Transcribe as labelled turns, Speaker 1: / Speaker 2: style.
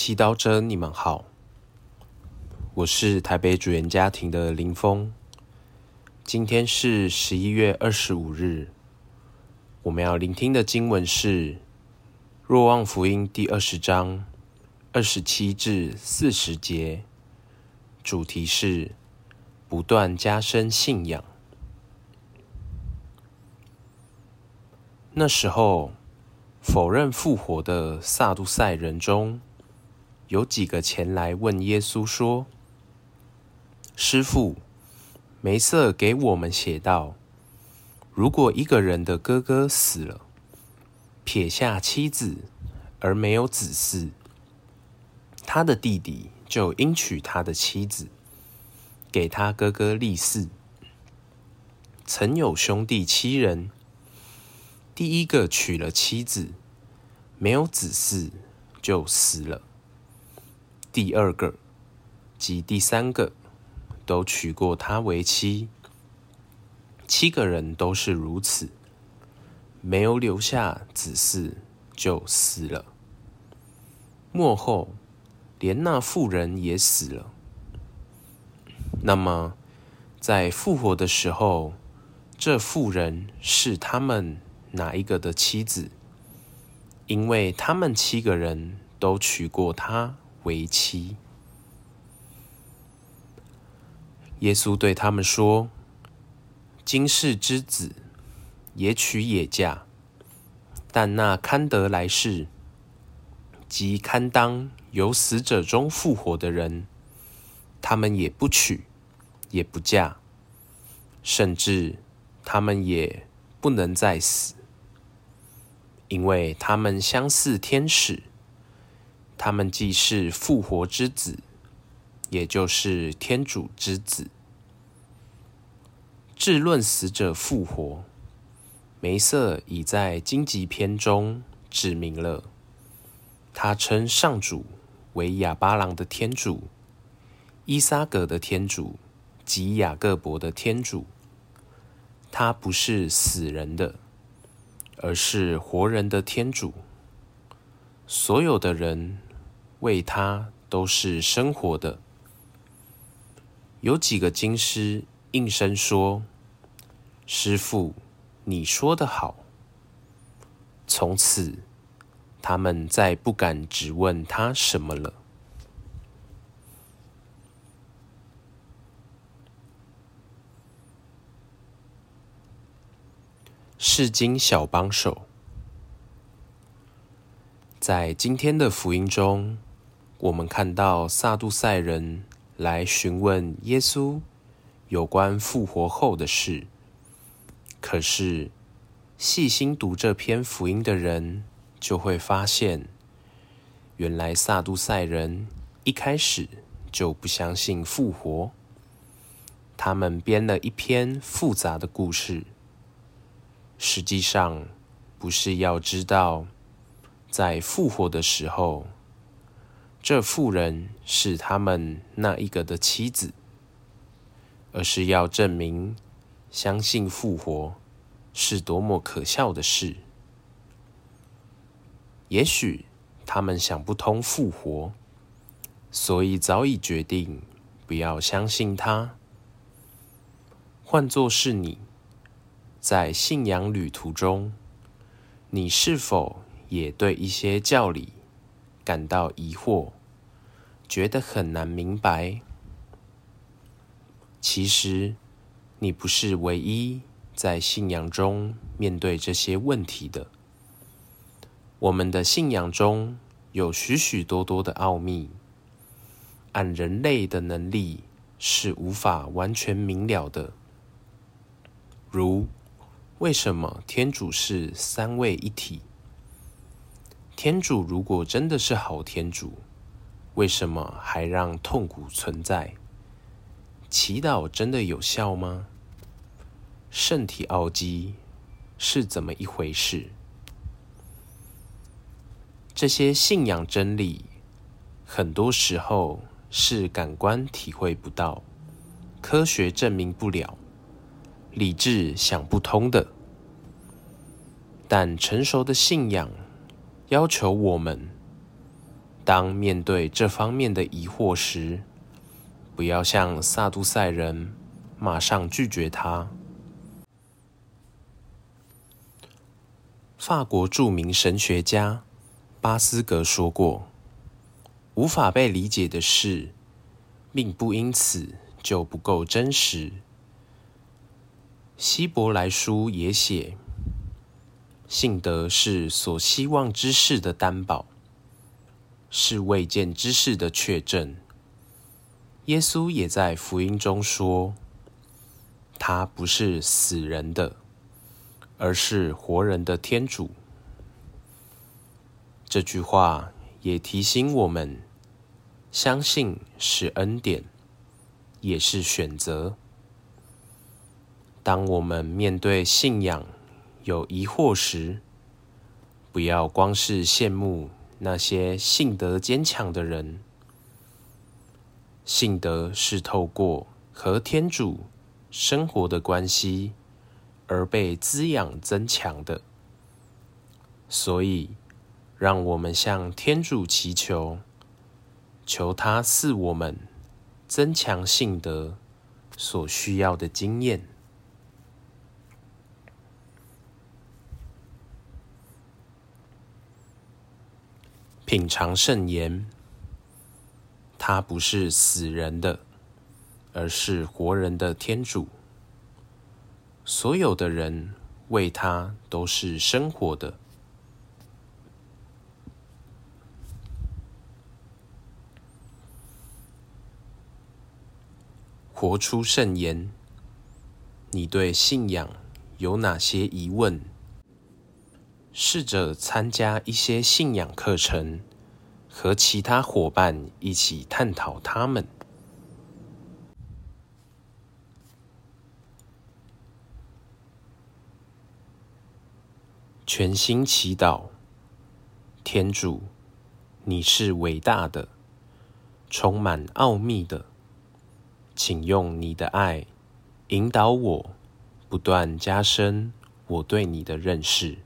Speaker 1: 祈禱者你們好，我是台北主演家庭的林峰。今天是十一月二十五日，我們要聆聽的經文是《若望福音》第二十章二十七至四十節，主題是不斷加深信仰。那時候，否認復活的撒杜塞人中。有幾個前來問耶穌說：“師傅，梅瑟給我們寫道，如果一個人的哥哥死了，撇下妻子而沒有子嗣，他的弟弟就應娶他的妻子，給他哥哥立嗣。曾有兄弟七人，第一個娶了妻子，沒有子嗣就死了。”第二個及第三個都娶過她為妻，七個人都是如此，沒有留下子嗣就死了。末後，連那婦人也死了。那麼，在復活的時候，這婦人是他們哪一個的妻子？因為他們七個人都娶過她。為妻，耶穌對他們說：“今世之子也娶也嫁，但那堪得來世，及堪當由死者中復活的人，他們也不娶也不嫁，甚至他們也不能再死，因為他們相似天使。”他們既是復活之子，也就是天主之子。至論死者復活，梅瑟已在荊棘篇中指明了。他稱上主為亞巴郎的天主、依撒格的天主及雅各伯的天主。他不是死人的，而是活人的天主。所有的人。為他都是生活的。有幾個經師應聲說：“師傅，你說的好。”從此，他們再不敢質問他什麼了。釋經小幫手，在今天的福音中。我們看到撒杜塞人來詢問耶穌有關復活後的事，可是細心讀這篇福音的人就會發現，原來撒杜塞人一開始就不相信復活，他們編了一篇複雜的故事，實際上不是要知道在復活的時候。這婦人是他們那一個的妻子，而是要證明相信復活是多麼可笑的事。也許他們想不通復活，所以早已決定不要相信他。換作是你，在信仰旅途中，你是否也對一些教理感到疑惑？覺得很難明白，其實你不是唯一在信仰中面對這些問題的。我們的信仰中有許許多多的奧秘，按人類的能力是無法完全明了的。如為什麼天主是三位一體？天主如果真的是好天主，為什麼還讓痛苦存在？祈禱真的有效嗎？聖體奧跡是怎麼一回事？這些信仰真理，很多時候是感官體會不到、科學證明不了、理智想不通的。但成熟的信仰要求我們，當面對這方面的疑惑時，不要像撒杜塞人馬上拒絕他。法國著名神學家巴斯噶說過：“無法被理解的事，並不因此就不夠真實。”希伯來書也寫：“信德是所希望之事的擔保。”是未見之事的確證。耶穌也在福音中說：“他不是死人的，而是活人的天主。”這句話也提醒我們：相信是恩典，也是選擇。當我們面對信仰有疑惑時，不要光是羨慕。那些信德堅強的人，信德是透過和天主生活的關係而被滋養增強的。所以，讓我們向天主祈求，求祂賜我們增強信德所需要的經驗。品嚐聖言，他不是死人的，而是活人的天主。所有的人為他都是生活的。活出聖言，你對信仰有哪些疑問？試着參加一些信仰課程，和其他夥伴一起探討他們。全心祈禱，天主，你是偉大的，充滿奧祕的，請用你的愛，引導我，不斷加深我對你的認識。